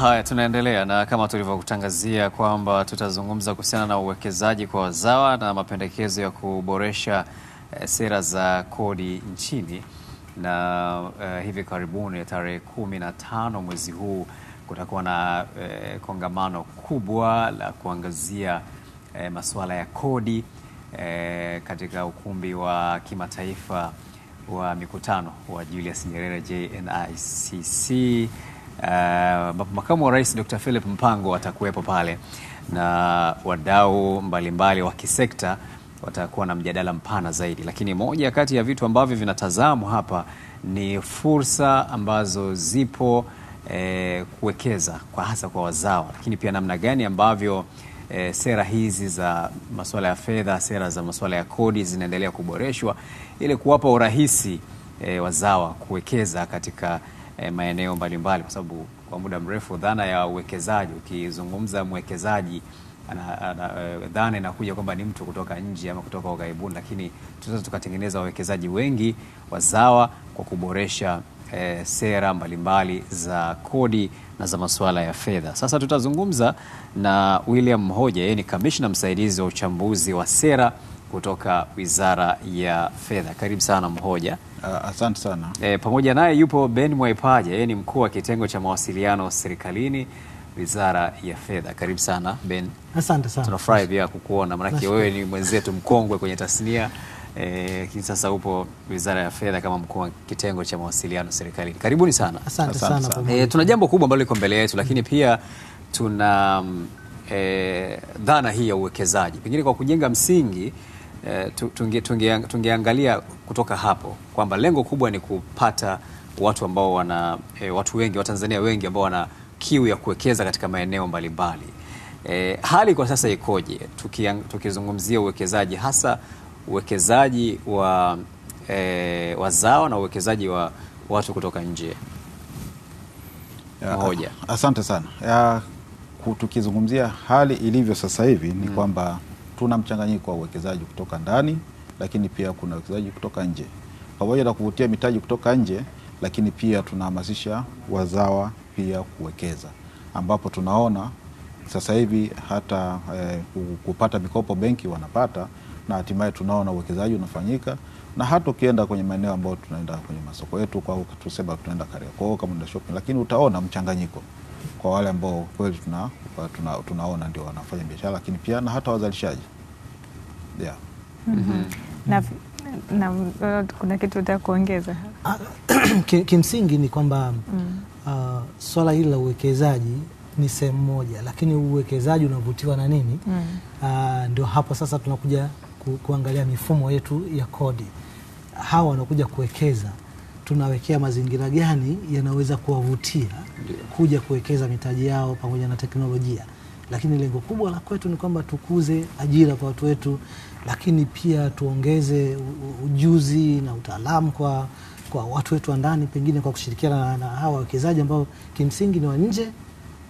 Haya, tunaendelea na kama tulivyokutangazia kwamba tutazungumza kuhusiana na uwekezaji kwa wazawa na mapendekezo ya kuboresha eh, sera za kodi nchini na eh, hivi karibuni tarehe kumi na tano mwezi huu kutakuwa na eh, kongamano kubwa la kuangazia eh, masuala ya kodi eh, katika ukumbi wa kimataifa wa mikutano wa Julius Nyerere JNICC Uh, makamu wa rais Dr. Philip Mpango atakuwepo pale na wadau mbalimbali wa kisekta watakuwa na mjadala mpana zaidi, lakini moja kati ya vitu ambavyo vinatazamwa hapa ni fursa ambazo zipo eh, kuwekeza kwa hasa kwa wazawa, lakini pia namna gani ambavyo eh, sera hizi za masuala ya fedha, sera za masuala ya kodi zinaendelea kuboreshwa ili kuwapa urahisi eh, wazawa kuwekeza katika eh, maeneo mbalimbali, kwa sababu kwa muda mrefu dhana ya uwekezaji, ukizungumza mwekezaji ana, ana, eh, dhana inakuja kwamba ni mtu kutoka nje ama kutoka ughaibuni, lakini tunaweza tukatengeneza wawekezaji wengi wazawa kwa kuboresha E, sera mbalimbali za kodi na za masuala ya fedha. Sasa tutazungumza na William Mhoja, yeye ni kamishna msaidizi wa uchambuzi wa sera kutoka Wizara ya Fedha. Karibu sana Mhoja. Uh, asante sana. E, pamoja naye yupo Ben Mwaipaja, yeye ni mkuu wa kitengo cha mawasiliano serikalini Wizara ya Fedha. Karibu sana Ben. Asante sana. Tunafurahi pia kukuona maanake wewe ni mwenzetu mkongwe kwenye tasnia eh, lakini e, sasa upo Wizara ya Fedha kama mkuu wa kitengo cha mawasiliano serikalini. Karibuni sana. Asante, asante Sana. E, tuna jambo kubwa ambalo liko mbele yetu lakini mm. pia tuna e, dhana hii ya uwekezaji pengine kwa kujenga msingi Eh, tungeangalia tunge, tunge kutoka hapo kwamba lengo kubwa ni kupata watu ambao wana e, watu wengi Watanzania wengi ambao wana kiu ya kuwekeza katika maeneo mbalimbali. e, hali kwa sasa ikoje tukizungumzia uwekezaji hasa uwekezaji wa e, wazawa na uwekezaji wa watu kutoka nje? moja Asante sana. Ya, tukizungumzia hali ilivyo sasa hivi ni mm. kwamba tuna mchanganyiko wa uwekezaji kutoka ndani, lakini pia kuna uwekezaji kutoka nje. Pamoja na kuvutia mitaji kutoka nje, lakini pia tunahamasisha wazawa pia kuwekeza, ambapo tunaona sasa hivi hata eh, kupata mikopo benki wanapata, na hatimaye tunaona uwekezaji unafanyika na hata ukienda kwenye maeneo ambayo tunaenda kwenye masoko yetu kwa tusema tunaenda Kariakoo kama shopping, lakini utaona mchanganyiko kwa wale ambao kweli tuna, tuna, tunaona ndio wanafanya biashara lakini pia na hata wazalishaji yeah. mm -hmm. na, na, kuna kitu utaka kuongeza? Ah, kimsingi ni kwamba mm. uh, swala hili la uwekezaji ni sehemu moja, lakini uwekezaji unavutiwa na nini? mm. Uh, ndio hapo sasa tunakuja ku, kuangalia mifumo yetu ya kodi. Hawa wanakuja kuwekeza tunawekea mazingira gani yanaweza kuwavutia kuja kuwekeza mitaji yao pamoja na teknolojia. Lakini lengo kubwa la kwetu ni kwamba tukuze ajira kwa watu wetu, lakini pia tuongeze ujuzi na utaalamu kwa, kwa watu wetu wa ndani, pengine kwa kushirikiana na, na hawa wawekezaji ambao kimsingi ni wa nje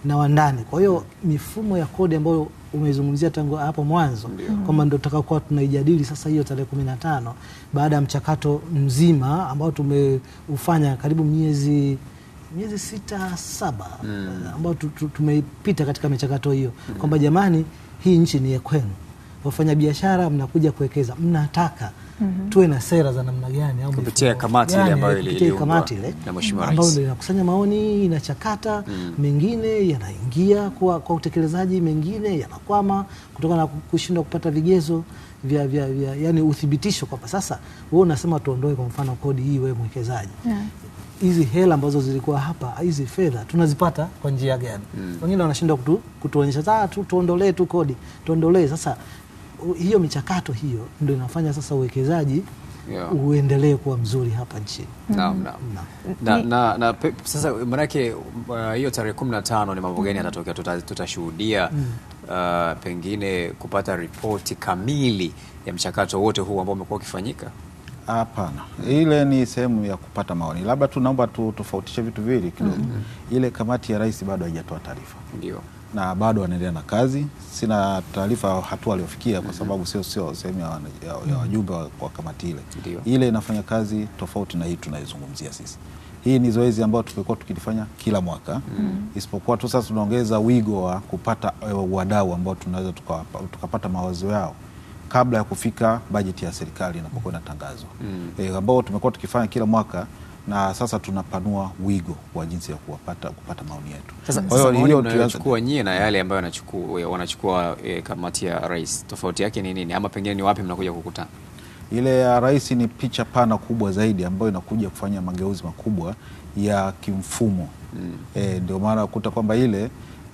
na wa ndani. Kwa hiyo mifumo ya kodi ambayo umezungumzia tangu hapo mwanzo kwamba ndio tutakakuwa tunaijadili sasa hiyo tarehe kumi na tano baada ya mchakato mzima ambao tumeufanya karibu miezi miezi sita saba mm. ambao tumepita katika michakato hiyo mm. kwamba jamani, hii nchi ni ya kwenu, wafanya biashara mnakuja kuwekeza, mnataka -hmm. tuwe na sera za namna gani au kupitia kamati ile ambayo ile na mheshimiwa rais ambayo inakusanya maoni inachakata mm. mengine yanaingia kwa, kwa utekelezaji mengine yanakwama kutokana na kushindwa kupata vigezo vya, vya, vya yani uthibitisho kwamba sasa wewe unasema tuondoe kwa mfano kodi hii wewe mwekezaji yeah hizi hela ambazo zilikuwa hapa, hizi fedha tunazipata kwa njia gani? mm. Wengine wanashindwa kutu, kutuonyesha ah, tu, tuondolee tu kodi, tuondolee. Sasa hiyo michakato hiyo ndio inafanya sasa uwekezaji yeah. uendelee kuwa mzuri hapa nchini mm-hmm. na, na, na, na, na pe, sasa manake uh, hiyo uh, tarehe kumi na tano ni mambo gani yatatokea? mm. Tutashuhudia tuta mm. uh, pengine kupata ripoti kamili ya mchakato wote huu ambao umekuwa ukifanyika? Hapana, ile ni sehemu ya kupata maoni. Labda tu tofautishe tutofautishe vitu viwili kidogo. mm -hmm. Ile kamati ya rais bado haijatoa taarifa, ndio na bado wanaendelea na kazi. Sina taarifa hatua waliofikia kwa sababu sio sio sehemu ya, ya, ya wajumbe wa kamati ile. Ile inafanya kazi tofauti na hii tunaizungumzia sisi. Hii ni zoezi ambayo tumekuwa tukilifanya kila mwaka mm. Isipokuwa tu sasa tunaongeza wigo wa kupata e, wadau ambao tunaweza tukapata mawazo yao kabla ya kufika bajeti ya serikali inapokuwa inatangazwa mm. E, ambao tumekuwa tukifanya kila mwaka na sasa tunapanua wigo wa jinsi ya kuwapata, kupata maoni yetu. Kwa hiyo hiyo tunachukua nyie na yale ambayo wanachukua, wanachukua e, kamati ya rais tofauti yake ni nini, ama pengine ni wapi mnakuja kukutana? Ile ya rais ni picha pana kubwa zaidi ambayo inakuja kufanya mageuzi makubwa ya kimfumo mm. E, ndio maana kuta kwamba ile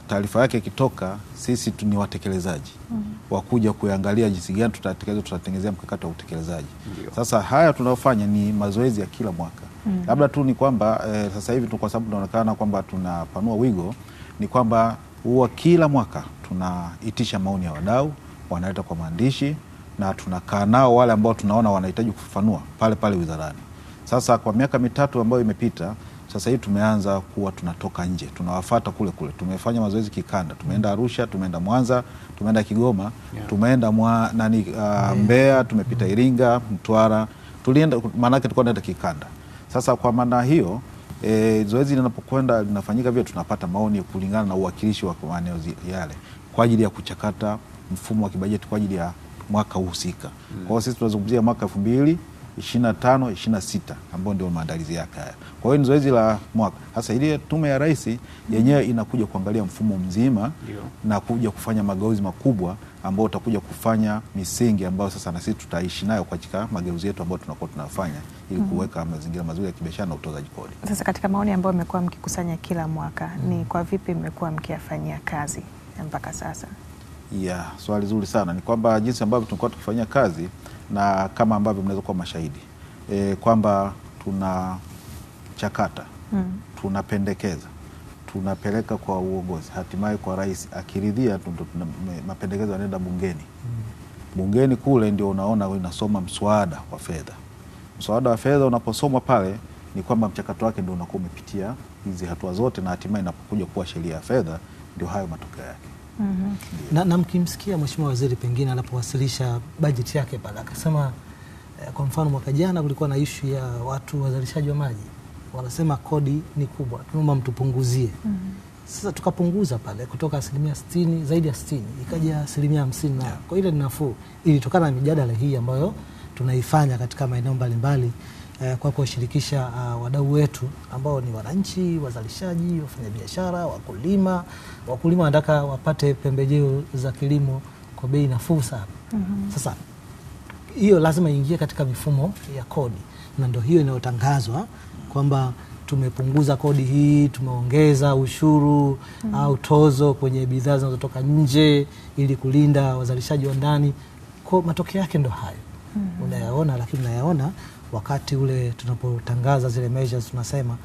taarifa yake ikitoka, sisi tu ni watekelezaji mm wakuja kuangalia jinsi gani tutatekeleza, tutatengenezea mkakati wa utekelezaji. Sasa haya tunayofanya ni mazoezi ya kila mwaka mm. labda tu ni kwamba e, sasa hivi kwa sababu tunaonekana kwamba tunapanua wigo, ni kwamba huwa kila mwaka tunaitisha maoni ya wadau, wanaleta kwa maandishi na tunakaa nao wale ambao tunaona wanahitaji kufafanua pale pale wizarani. Sasa kwa miaka mitatu ambayo imepita sasa hivi tumeanza kuwa tunatoka nje, tunawafata kule kule. Tumefanya mazoezi kikanda, tumeenda mm-hmm. Arusha, tumeenda Mwanza, tumeenda Kigoma, yeah. tumeenda mwa, nani, uh, Mbeya, tumepita mm-hmm. Iringa, Mtwara, tulienda maanake tulikuwa kikanda. Sasa kwa maana hiyo e, zoezi linapokwenda linafanyika vile, tunapata maoni kulingana na uwakilishi wa maeneo yale kwa ajili ya kuchakata mfumo wa kibajeti kwa ajili ya mwaka husika. Kwa hiyo sisi tunazungumzia mwaka elfu mbili 25, 26 ambayo ndio maandalizi yake haya. Kwa hiyo ni zoezi la mwaka. Sasa ile tume ya rais yenyewe inakuja kuangalia mfumo mzima Yo. na kuja kufanya mageuzi makubwa ambao utakuja kufanya misingi ambayo sasa na sisi tutaishi nayo katika mageuzi yetu ambayo tunakuwa tunafanya ili mhm. kuweka mazingira mazuri ya kibiashara na utozaji kodi. Sasa katika maoni ambayo mmekuwa mkikusanya kila mwaka mm. ni kwa vipi mmekuwa mkiyafanyia kazi mpaka sasa? Yeah, swali zuri sana. Ni kwamba jinsi ambavyo tunakuwa tukifanyia kazi na kama ambavyo mnaweza kuwa mashahidi e, kwamba chakata mm. tunapendekeza tunapeleka kwa uongozi, hatimaye kwa rais akiridhia, mapendekezo yanaenda bungeni mm. Bungeni kule ndio unaona inasoma mswada wa fedha. Mswada wa fedha unaposomwa pale, ni kwamba mchakato wake ndio unakuwa umepitia hizi hatua zote, na hatimaye inapokuja kuwa sheria ya fedha, ndio hayo matokeo yake mm -hmm. na, na mkimsikia Mheshimiwa Waziri pengine anapowasilisha bajeti yake pale akasema eh, kwa mfano mwaka jana kulikuwa na ishu ya watu wazalishaji wa maji wanasema kodi ni kubwa, tunaomba mtupunguzie. mm -hmm. Sasa tukapunguza pale kutoka asilimia sitini zaidi ya sitini ikaja asilimia hamsini na yeah. kwa ile ni nafuu, ilitokana na mijadala hii ambayo tunaifanya katika maeneo mbalimbali. Eh, kwa kuwashirikisha uh, wadau wetu ambao ni wananchi, wazalishaji, wafanyabiashara, wakulima. Wakulima wanataka wapate pembejeo za kilimo kwa bei nafuu sana. mm -hmm. Sasa hiyo lazima iingie katika mifumo ya kodi, na ndio hiyo inayotangazwa kwamba tumepunguza kodi hii, tumeongeza ushuru mm. au tozo kwenye bidhaa zinazotoka nje ili kulinda wazalishaji wa ndani. Kwa matokeo yake ndo hayo mm. unayaona, lakini unayaona wakati ule tunapotangaza zile measures tunasema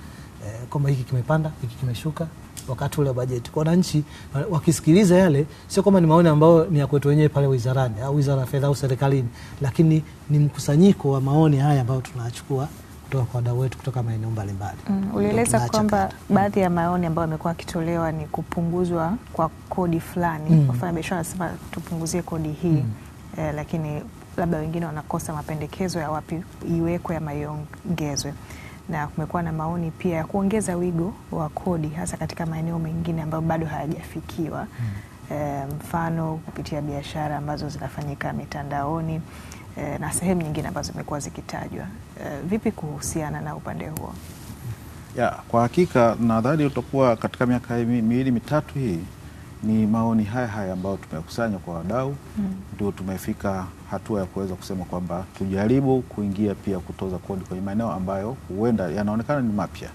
eh, kwamba hiki kimepanda, hiki kimeshuka wakati ule wa bajeti. Kwa wananchi wakisikiliza yale, sio kwamba ni maoni ambayo ni ya kwetu wenyewe pale wizarani au wizara ya fedha au serikalini, lakini ni mkusanyiko wa maoni haya ambayo tunachukua kutoka kwa wadau wetu kutoka maeneo mbalimbali. Mm, ulieleza kwamba mm. baadhi ya maoni ambayo yamekuwa akitolewa ni kupunguzwa kwa kodi fulani. Mm. wafanya biashara wanasema tupunguzie kodi hii mm. eh, lakini labda wengine wanakosa mapendekezo ya wapi iwekwe ama iongezwe na kumekuwa na maoni pia ya kuongeza wigo wa kodi hasa katika maeneo mengine ambayo bado hayajafikiwa hmm. eh, mfano, kupitia biashara ambazo zinafanyika mitandaoni e, na sehemu nyingine ambazo zimekuwa zikitajwa. e, vipi kuhusiana na upande huo? Ya, kwa hakika nadhani utakuwa katika miaka miwili mitatu hii ni maoni haya haya ambayo tumekusanya kwa wadau mm. ndio tumefika hatua ya kuweza kusema kwamba tujaribu kuingia pia kutoza kodi kwenye maeneo ambayo huenda yanaonekana ni mapya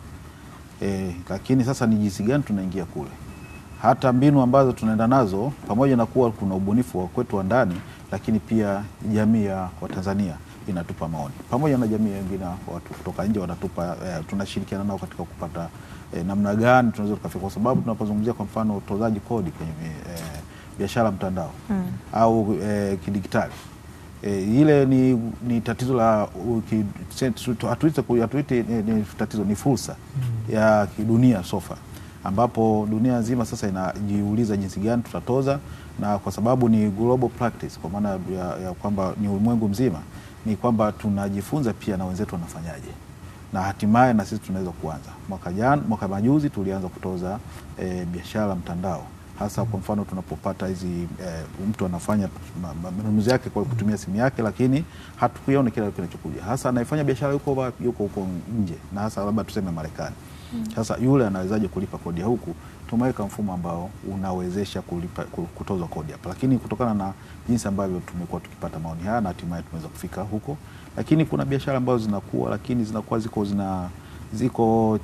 e, lakini sasa ni jinsi gani tunaingia kule. Hata mbinu ambazo tunaenda nazo, pamoja na kuwa kuna ubunifu wa kwetu wa ndani, lakini pia jamii ya Watanzania inatupa maoni pamoja na jamii wengine watu kutoka nje wanatupa eh, tunashirikiana nao katika kupata e, namna gani tunaweza tukafika, kwa sababu tunapozungumzia kwa mfano utozaji kodi kwenye e, biashara mtandao mm. au e, kidigitali e, ile ni, ni tatizo la hatuite ni tatizo, ni fursa mm. ya kidunia sofa ambapo dunia nzima sasa inajiuliza jinsi gani tutatoza, na kwa sababu ni global practice, kwa maana ya, ya kwamba ni ulimwengu mzima, ni kwamba tunajifunza pia na wenzetu wanafanyaje na hatimaye na sisi tunaweza kuanza. Mwaka jana, mwaka majuzi tulianza kutoza e, biashara mtandao hasa kwa mfano tunapopata hizi e, mtu anafanya manunuzi yake kwa kutumia simu yake, lakini hatukuona kila kinachokuja. Hasa anayefanya biashara yuko yuko huko nje, na hasa labda tuseme Marekani. Mm. Sasa yule anawezaje kulipa kodi ya huku tumeweka mfumo ambao unawezesha kulipa, kutozwa kodi hapa, lakini kutokana na jinsi ambavyo tumekuwa tukipata maoni haya na hatimaye tumeweza kufika huko, lakini kuna biashara ambazo zinakuwa lakini zinakuwa ziko zina ziko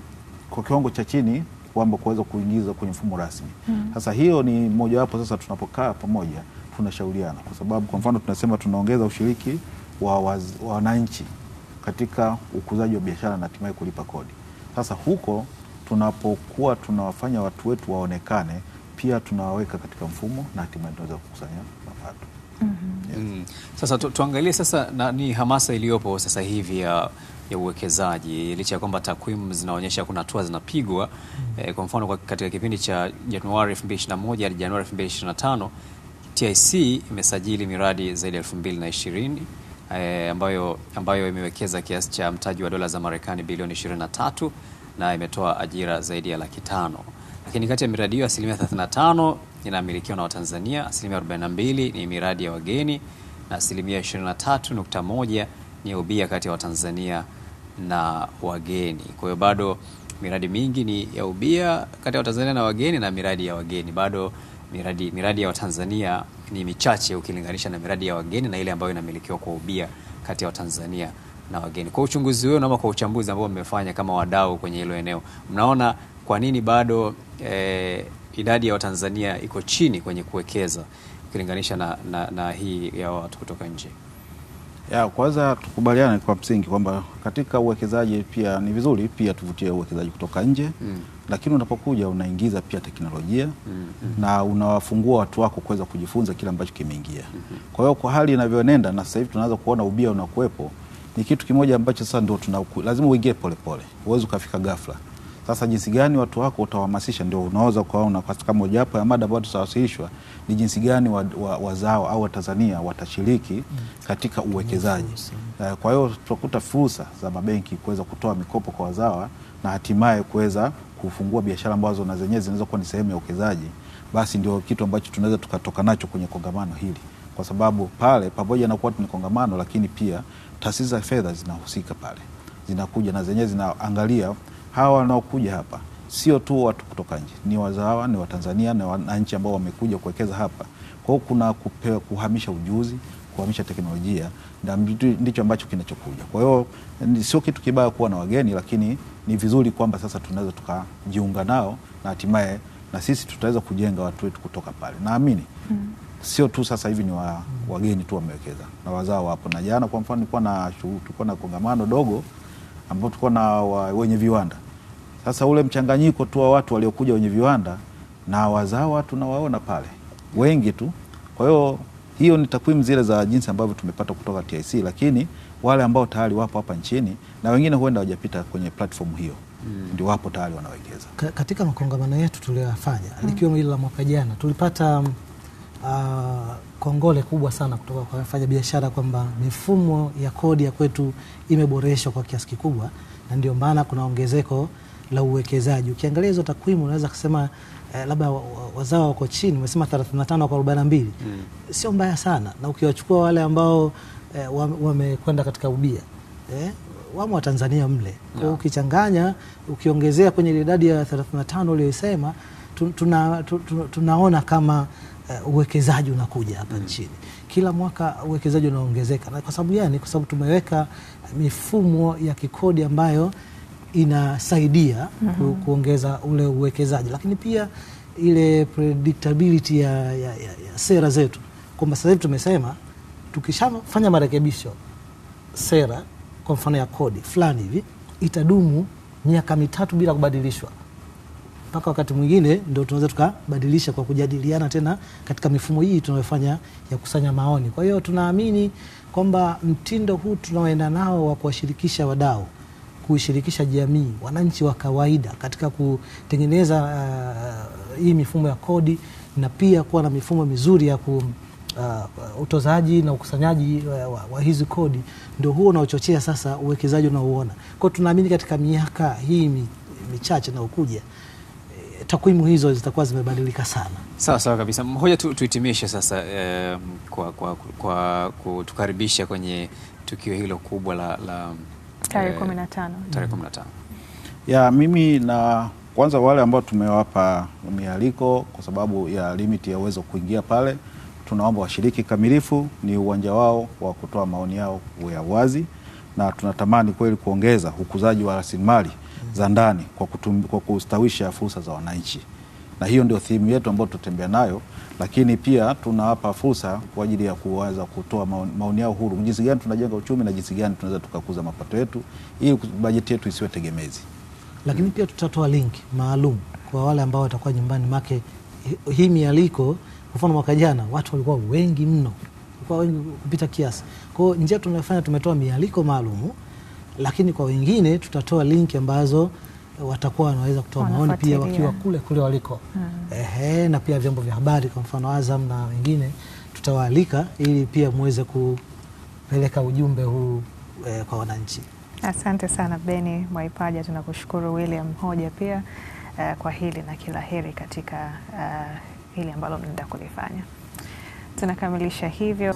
kwa kiwango cha chini kwamba kuweza kuingiza kwenye mfumo rasmi. Hmm. Sasa mm. hiyo ni mojawapo. Sasa tunapokaa pamoja tunashauriana, kwa sababu kwa mfano tunasema tunaongeza ushiriki wa wananchi katika ukuzaji wa biashara na hatimaye kulipa kodi. Sasa huko tunapokuwa tunawafanya watu wetu waonekane, pia tunawaweka katika mfumo na hatimaye tunaweza kukusanya mapato. mm -hmm. yes. mm. Sasa tu, tuangalie sasa na, ni hamasa iliyopo sasa hivi ya ya uwekezaji licha ya kwamba takwimu zinaonyesha kuna hatua zinapigwa. mm -hmm. Eh, kwa mfano katika kipindi cha Januari 2021 hadi Januari 2025 TIC imesajili miradi zaidi ya 2020 eh, ambayo, ambayo imewekeza kiasi cha mtaji wa dola za Marekani bilioni 23 na imetoa ajira zaidi ya laki tano. Lakini kati ya miradi hiyo asilimia 35 inamilikiwa na Watanzania, asilimia 42 ni miradi ya wageni na asilimia 23.1 ni ubia kati ya Watanzania na wageni. Kwa hiyo bado miradi mingi ni ya ubia kati ya Watanzania na wageni na miradi ya wageni bado miradi, miradi ya Watanzania ni michache ukilinganisha na miradi ya wageni na ile ambayo inamilikiwa kwa ubia kati ya Watanzania na wageni. Kwa uchunguzi wenu ama kwa uchambuzi ambao mmefanya kama wadau kwenye hilo eneo, mnaona kwa nini bado eh, idadi ya Watanzania iko chini kwenye kuwekeza ukilinganisha na, na, na hii ya watu kutoka nje? Ya, kwanza tukubaliane kwa msingi kwamba katika uwekezaji pia ni vizuri pia tuvutie uwekezaji kutoka nje mm. Lakini unapokuja unaingiza pia teknolojia mm -hmm. Na unawafungua watu wako kuweza kujifunza kile ambacho kimeingia mm -hmm. Kwa hiyo kwa hali inavyonenda na sasa hivi tunaanza kuona ubia unakuwepo ni kitu kimoja ambacho sasa ndio tuna lazima uingie polepole, huwezi ukafika ghafla. Sasa jinsi gani watu wako utawahamasisha, ndio unaweza ukaona katika mojawapo ya mada ambayo tutawasilishwa ni jinsi gani wazao wa, wa au Watanzania watashiriki mm. katika uwekezaji. Eh, kwa hiyo tutakuta fursa za mabenki kuweza kutoa mikopo kwa wazawa na hatimaye kuweza kufungua biashara ambazo na zenyewe zinaweza kuwa ni sehemu ya uwekezaji, basi ndio kitu ambacho tunaweza tukatoka nacho kwenye kongamano hili, kwa sababu pale pamoja na kuwa ni kongamano, lakini pia taasisi za fedha zinahusika pale, zinakuja na zenyewe zinaangalia hawa wanaokuja hapa sio tu watu kutoka nje, ni wazawa, ni Watanzania na wananchi ambao wamekuja kuwekeza hapa. Kwa hiyo kuna kupewa, kuhamisha ujuzi, kuhamisha teknolojia, na ndicho ambacho kinachokuja. Kwa hiyo sio kitu kibaya kuwa na wageni, lakini ni vizuri kwamba sasa tunaweza tukajiunga nao na hatimaye na sisi tutaweza kujenga watu wetu kutoka pale, naamini mm sio tu sasa hivi ni wa, wageni tu wamewekeza na wazao wapo. Na jana kwa mfano nilikuwa na tulikuwa na kongamano dogo ambapo tulikuwa na wenye viwanda. Sasa ule mchanganyiko tu wa watu waliokuja wenye viwanda na wazawa tunawaona pale wengi tu. Kwa hiyo hiyo ni takwimu zile za jinsi ambavyo tumepata kutoka TIC, lakini wale ambao tayari wapo hapa nchini na wengine huenda hawajapita kwenye platform hiyo mm. ndio wapo tayari wanawekeza. Katika makongamano yetu tuliyofanya mm. likiwemo ile la mwaka jana tulipata uh, kongole kubwa sana kutoka kwa wafanya biashara kwamba mifumo ya kodi ya kwetu imeboreshwa kwa kiasi kikubwa, na ndio maana kuna ongezeko la uwekezaji. Ukiangalia hizo takwimu unaweza kusema eh, labda wazawa wako chini, umesema 35 kwa 42 mm. Sio mbaya sana, na ukiwachukua wale ambao eh, wamekwenda katika ubia eh, wamo wa Tanzania mle kwa yeah. Ukichanganya ukiongezea kwenye idadi ya 35 uliyosema, tuna, tuna, tuna, tunaona kama Eh, uwekezaji unakuja hapa mm. nchini kila mwaka uwekezaji unaongezeka, na kwa sababu gani? Kwa sababu tumeweka mifumo ya kikodi ambayo inasaidia mm -hmm. kuongeza ule uwekezaji, lakini pia ile predictability ya, ya, ya, ya sera zetu kwamba sasa hivi tumesema tukishafanya marekebisho sera, kwa mfano ya kodi fulani hivi, itadumu miaka mitatu bila kubadilishwa mpaka wakati mwingine ndio tunaweza tukabadilisha kwa kujadiliana tena katika mifumo hii tunayofanya ya kusanya maoni. Kwa hiyo tunaamini kwamba mtindo huu tunaoenda nao wa kuwashirikisha wadau, kuishirikisha jamii, wananchi wa kawaida katika kutengeneza uh, hii mifumo ya kodi na pia kuwa na mifumo mizuri ya ku, uh, utozaji na ukusanyaji wa, uh, wa, wa hizi kodi ndio huo unaochochea sasa uwekezaji unaouona. Kwa hiyo tunaamini katika miaka hii michache ukuja takwimu hizo zitakuwa zimebadilika sana. Sawa sawa kabisa. hoja tu tuhitimishe sasa eh, kwa, kwa, kwa kutukaribisha kwenye tukio hilo kubwa la, la tarehe 15 eh, tarehe 15 ya mimi na kwanza wale ambao tumewapa mialiko kwa sababu ya limiti ya uwezo kuingia pale, tunaomba washiriki kamilifu, ni uwanja wao wa kutoa maoni yao ya wazi, na tunatamani kweli kuongeza ukuzaji wa rasilimali za ndani kwa, kwa kustawisha fursa za wananchi, na hiyo ndio thimu yetu ambayo tutatembea nayo, lakini pia tunawapa fursa kwa ajili ya kuweza kutoa maoni yao huru, jinsi gani tunajenga uchumi na jinsi gani tunaweza tukakuza mapato yetu ili bajeti yetu isiwe tegemezi. Lakini hmm, pia tutatoa link maalum kwa wale ambao watakuwa nyumbani make hii mialiko. Mfano mwaka jana watu walikuwa wengi mno, walikuwa wengi kupita kiasi. Kwa hiyo njia tunayofanya tumetoa mialiko maalumu lakini kwa wengine tutatoa linki ambazo eh, watakuwa wanaweza kutoa maoni pia wakiwa kule kule waliko. Mm. Ehe, na pia vyombo vya habari kwa mfano Azam na wengine tutawaalika ili pia muweze kupeleka ujumbe huu e, kwa wananchi. Asante sana Beni Mwaipaja, tunakushukuru William Hoja pia uh, kwa hili na kila heri katika uh, hili ambalo mnaenda kulifanya. Tunakamilisha hivyo.